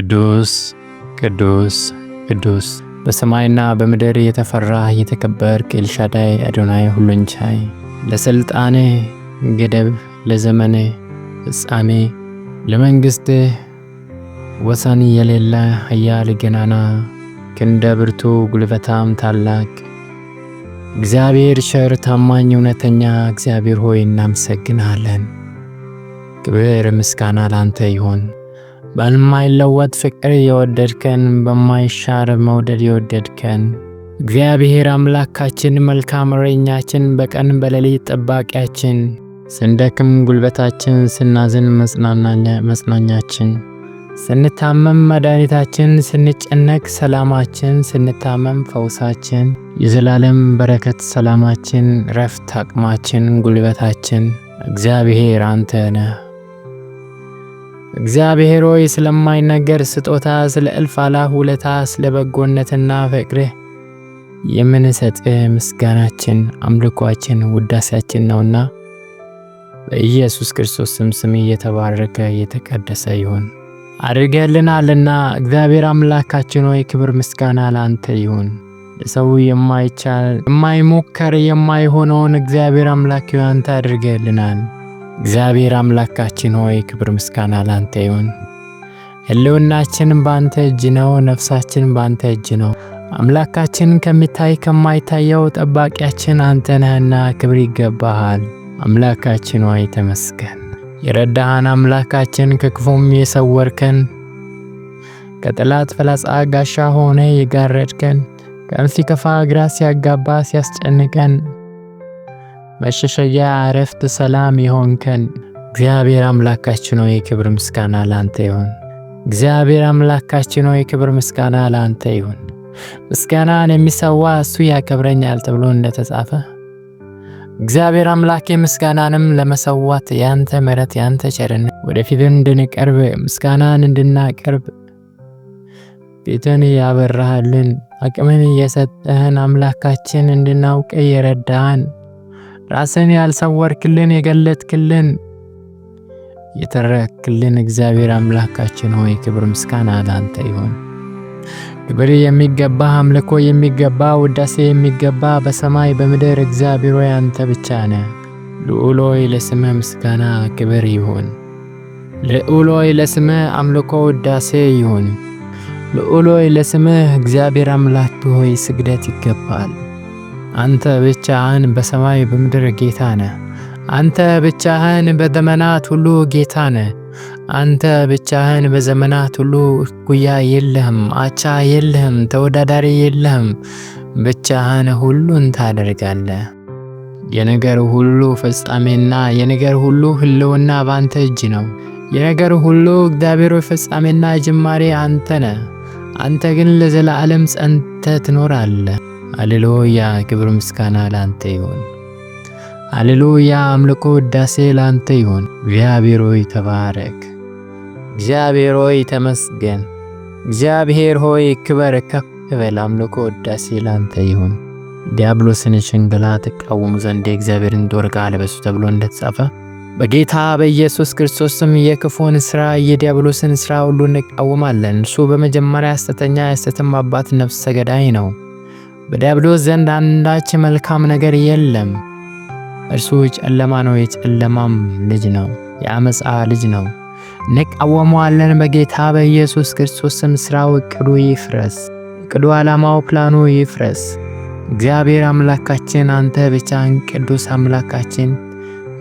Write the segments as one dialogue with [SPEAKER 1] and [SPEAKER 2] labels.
[SPEAKER 1] ቅዱስ ቅዱስ ቅዱስ በሰማይና በምድር የተፈራህ የተከበርክ ኤልሻዳይ አዶናይ ሁሉን ቻይ፣ ለሥልጣንህ ገደብ ለዘመን ፍጻሜ ለመንግሥትህ ወሰን የሌለ ኃያል ገናና ክንደ ብርቱ ጉልበታም ታላቅ እግዚአብሔር ቸር ታማኝ እውነተኛ እግዚአብሔር ሆይ እናመሰግናለን። ክብር ምስጋና ላንተ ይሆን። በማይለወጥ ፍቅር የወደድከን በማይሻር መውደድ የወደድከን እግዚአብሔር አምላካችን መልካም እረኛችን፣ በቀን በሌሊት ጠባቂያችን፣ ስንደክም ጉልበታችን፣ ስናዝን መጽናኛችን፣ ስንታመም መድኃኒታችን፣ ስንጨነቅ ሰላማችን፣ ስንታመም ፈውሳችን፣ የዘላለም በረከት ሰላማችን፣ ረፍት አቅማችን፣ ጉልበታችን እግዚአብሔር አንተ ነህ። እግዚአብሔር ሆይ ስለማይነገር ስጦታ፣ ስለ እልፍ አላፍ ውለታ፣ ስለ በጎነትና ፍቅርህ የምንሰጥህ ምስጋናችን፣ አምልኳችን፣ ውዳሴያችን ነውና በኢየሱስ ክርስቶስ ስም ስም የተባረከ የተቀደሰ ይሁን። አድርገልናልና እግዚአብሔር አምላካችን ሆይ ክብር ምስጋና ለአንተ ይሁን። ለሰው የማይቻል የማይሞከር የማይሆነውን እግዚአብሔር አምላክ አንተ አድርገልናል። እግዚአብሔር አምላካችን ሆይ ክብር ምስጋና ላንተ ይሁን። ህልውናችንም ባንተ እጅ ነው፣ ነፍሳችን ባንተ እጅ ነው። አምላካችን ከሚታይ ከማይታየው ጠባቂያችን አንተ ነህና ክብር ይገባሃል። አምላካችን ሆይ ተመስገን። የረዳሃን አምላካችን ከክፉም የሰወርከን ከጠላት ፍላጻ ጋሻ ሆነ የጋረድከን ቀን ሲከፋ ግራ ሲያጋባ ሲያስጨንቀን መሸሸጊያ እረፍት፣ ሰላም የሆንከን እግዚአብሔር አምላካችን ሆይ ክብር ምስጋና ላንተ ይሁን። እግዚአብሔር አምላካችን ሆይ ክብር ምስጋና ላንተ ይሁን። ምስጋናን የሚሰዋ እሱ ያከብረኛል ተብሎ እንደተጻፈ እግዚአብሔር አምላኬ ምስጋናንም ለመሰዋት ያንተ ምሕረት ያንተ ቸርነት ወደፊት እንድንቀርብ ምስጋናን እንድናቀርብ ፊትን ያበራሃልን አቅምን እየሰጠህን አምላካችን እንድናውቅ እየረዳህን ራስን ያልሰወርክልን የገለጥክልን የተረክልን እግዚአብሔር አምላካችን ሆይ ክብር ምስጋና ላንተ ይሁን። ክብር የሚገባ አምልኮ የሚገባ ውዳሴ የሚገባ በሰማይ በምድር እግዚአብሔር ሆይ አንተ ብቻ ነህ። ልዑል ሆይ ለስመ ምስጋና ክብር ይሁን። ልዑል ሆይ ለስመ አምልኮ ውዳሴ ይሁን። ልዑል ሆይ ለስምህ እግዚአብሔር አምላክ ሆይ ስግደት ይገባል። አንተ ብቻህን በሰማይ በምድር ጌታ ነህ። አንተ ብቻህን በዘመናት ሁሉ ጌታ ነህ። አንተ ብቻህን በዘመናት ሁሉ እኩያ የለህም፣ አቻ የለህም፣ ተወዳዳሪ የለህም። ብቻህን ሁሉን ታደርጋለህ። የነገር ሁሉ ፍጻሜና የነገር ሁሉ ህልውና በአንተ እጅ ነው። የነገር ሁሉ እግዚአብሔር ፍጻሜና ጅማሬ አንተ ነ አንተ ግን ለዘላለም ጸንተ ትኖራለህ። አሌሉያ። ክብር ምስጋና ላንተ ይሁን። አሌሉያ። አምልኮ ውዳሴ ላንተ ይሁን። እግዚአብሔር ሆይ ተባረክ። እግዚአብሔር ሆይ ተመስገን። እግዚአብሔር ሆይ ክበር፣ ከፍ በል። አምልኮ ውዳሴ ላንተ ይሁን። ዲያብሎስን ሽንገላ ተቃወሙ ዘንድ የእግዚአብሔርን ጦር ዕቃ ተብሎ እንደተጻፈ በጌታ በኢየሱስ ክርስቶስም የክፉን ስራ የዲያብሎስን ስራ ሁሉ እንቃወማለን። እሱ በመጀመሪያ ሐሰተኛ የሐሰትም አባት ነፍሰ ገዳይ ነው። በዲያብሎስ ዘንድ አንዳች መልካም ነገር የለም። እርሱ ጨለማ ነው፣ የጨለማም ልጅ ነው፣ የአመፃ ልጅ ነው። እንቃወመዋለን በጌታ በኢየሱስ ክርስቶስ ስም ሥራው፣ እቅዱ ይፍረስ፣ እቅዱ ዓላማው፣ ፕላኑ ይፍረስ። እግዚአብሔር አምላካችን አንተ ብቻን ቅዱስ አምላካችን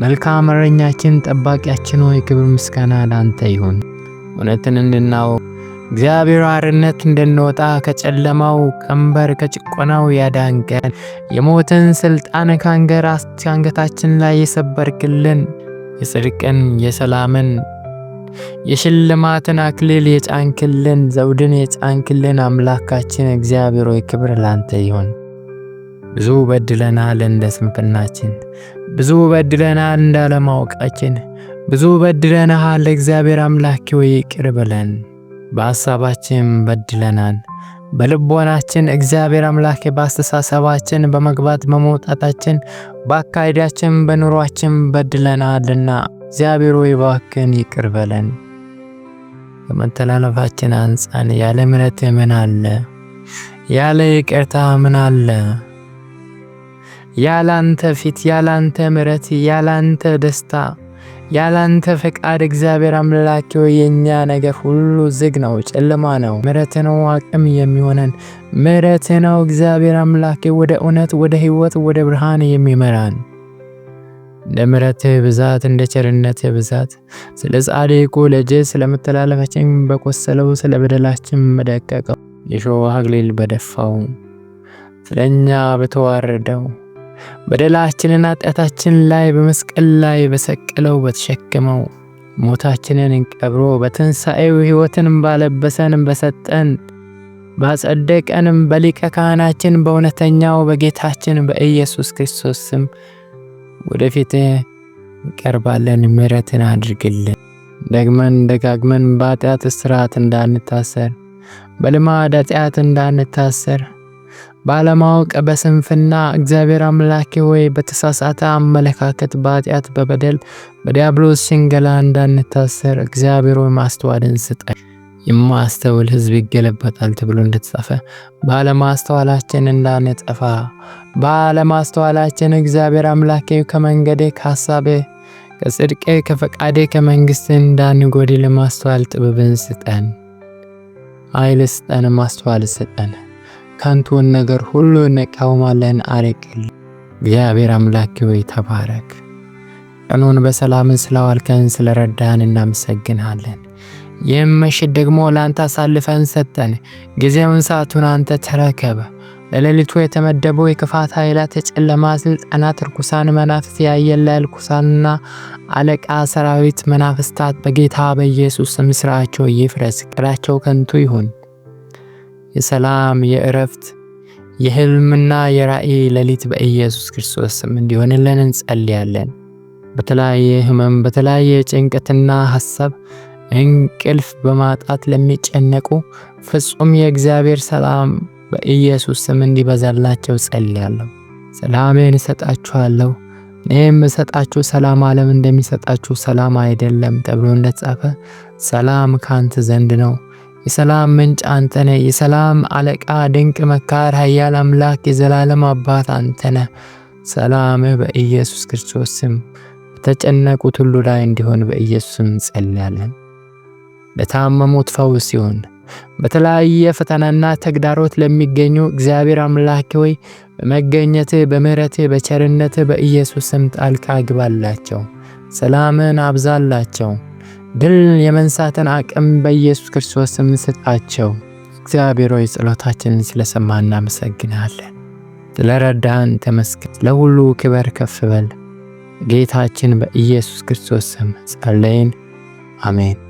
[SPEAKER 1] መልካም እረኛችን ጠባቂያችን ሆይ ክብር ምስጋና ለአንተ ይሁን። እውነትን እንድናውቅ እግዚአብሔር አርነት እንድንወጣ ከጨለማው ቀንበር ከጭቆናው ያዳንቀን፣ የሞትን ስልጣን አንገታችን ላይ የሰበርክልን፣ የጽድቅን የሰላምን የሽልማትን አክሊል የጫንክልን ዘውድን የጫንክልን አምላካችን እግዚአብሔር ሆይ ክብር ላንተ ይሁን። ብዙ በድለናል እንደ ስንፍናችን፣ ብዙ በድለናል እንዳለማወቃችን፣ ብዙ በድለናሃል እግዚአብሔር አምላኪ ሆይ ይቅር በለን። በሐሳባችን በድለናል። በልቦናችን እግዚአብሔር አምላኬ በአስተሳሰባችን በመግባት በመውጣታችን በአካሄዳችን በኑሯችን በድለናልና እግዚአብሔር ወይ ባክን ይቅር በለን። በመተላለፋችን አንጻን ያለ ምረት ምን አለ? ያለ ይቅርታ ምን አለ? ያላንተ ፊት ያላንተ ምረት ያላንተ ደስታ ያላንተ ፈቃድ እግዚአብሔር አምላኬ የእኛ ነገር ሁሉ ዝግ ነው፣ ጨለማ ነው። ምረት ነው አቅም የሚሆነን ምረት ነው እግዚአብሔር አምላኬ ወደ እውነት፣ ወደ ህይወት ወደ ብርሃን የሚመራን እንደ ምረትህ ብዛት እንደ ቸርነትህ ብዛት ስለ ጻድቁ ልጅ ስለመተላለፋችን በቆሰለው ስለ በደላችን በደቀቀው የሾህ አክሊል በደፋው ስለኛ በተዋረደው በደላችንና ኃጢአታችን ላይ በመስቀል ላይ በሰቀለው በተሸከመው ሞታችንን እንቀብሮ በትንሣኤው ሕይወትን ባለበሰን በሰጠን ባጸደቀንም በሊቀ ካህናችን በእውነተኛው በጌታችን በኢየሱስ ክርስቶስ ስም ወደፊት እንቀርባለን። ምሕረትን አድርግልን። ደግመን ደጋግመን በኃጢአት እስራት እንዳንታሰር፣ በልማድ ኃጢአት እንዳንታሰር ባለማወቅ በስንፍና እግዚአብሔር አምላኬ ሆይ በተሳሳተ አመለካከት፣ በኃጢአት፣ በበደል፣ በዲያብሎስ ሽንገላ እንዳንታሰር እግዚአብሔር ሆይ ማስተዋልን ስጠን። የማስተውል ሕዝብ ይገለበጣል ተብሎ እንደተጻፈ ባለማስተዋላችን እንዳንጠፋ ባለማስተዋላችን እግዚአብሔር አምላኬ ከመንገዴ ከሀሳቤ ከጽድቄ ከፈቃዴ ከመንግስት እንዳንጎድል ለማስተዋል ጥበብን ስጠን። ኃይል ስጠን። ማስተዋል ስጠን። ከንቱን ነገር ሁሉ እንቃወማለን፣ አርቅልን። እግዚአብሔር አምላክ ሆይ ተባረክ። ቀኑን በሰላምን ስላዋልከን ስለረዳን እናመሰግናለን። ይህም ምሽት ደግሞ ለአንተ አሳልፈን ሰጠን። ጊዜውን ሰዓቱን አንተ ተረከበ። ለሌሊቱ የተመደቡ የክፋት ኃይላት፣ የጨለማ ስልጣናት፣ ርኩሳን መናፍስት፣ ያየለ ርኩሳንና አለቃ ሰራዊት መናፍስታት በጌታ በኢየሱስ ስም ስራቸው ይፍረስ፣ ቅዳቸው ከንቱ ይሁን። የሰላም፣ የእረፍት፣ የህልምና የራእይ ሌሊት በኢየሱስ ክርስቶስ ስም እንዲሆንልን እንጸልያለን። በተለያየ ህመም፣ በተለያየ ጭንቀትና ሀሳብ እንቅልፍ በማጣት ለሚጨነቁ ፍጹም የእግዚአብሔር ሰላም በኢየሱስ ስም እንዲበዛላቸው ጸልያለሁ። ሰላሜን እሰጣችኋለሁ፣ እኔም እሰጣችሁ ሰላም ዓለም እንደሚሰጣችሁ ሰላም አይደለም ተብሎ እንደተጻፈ ሰላም ካንተ ዘንድ ነው የሰላም ምንጭ አንተ ነህ። የሰላም አለቃ፣ ድንቅ መካር፣ ኃያል አምላክ፣ የዘላለም አባት አንተ ነህ። ሰላምህ በኢየሱስ ክርስቶስ ስም በተጨነቁት ሁሉ ላይ እንዲሆን ስም እንጸልያለን። በታመሙት ፈውስ ይሁን። በተለያየ ፈተናና ተግዳሮት ለሚገኙ እግዚአብሔር አምላኬ ሆይ በመገኘትህ፣ በምህረትህ፣ በቸርነትህ በኢየሱስ ስም ጣልቃ ግባላቸው፣ ሰላምን አብዛላቸው። ድል የመንሳትን አቅም በኢየሱስ ክርስቶስም ስጣቸው። እግዚአብሔር ሆይ ጸሎታችንን ስለሰማ እናመሰግናለን። ስለረዳን ተመስገን። ለሁሉ ክበር ከፍ በል። ጌታችን በኢየሱስ ክርስቶስ ስም ጸለይን። አሜን።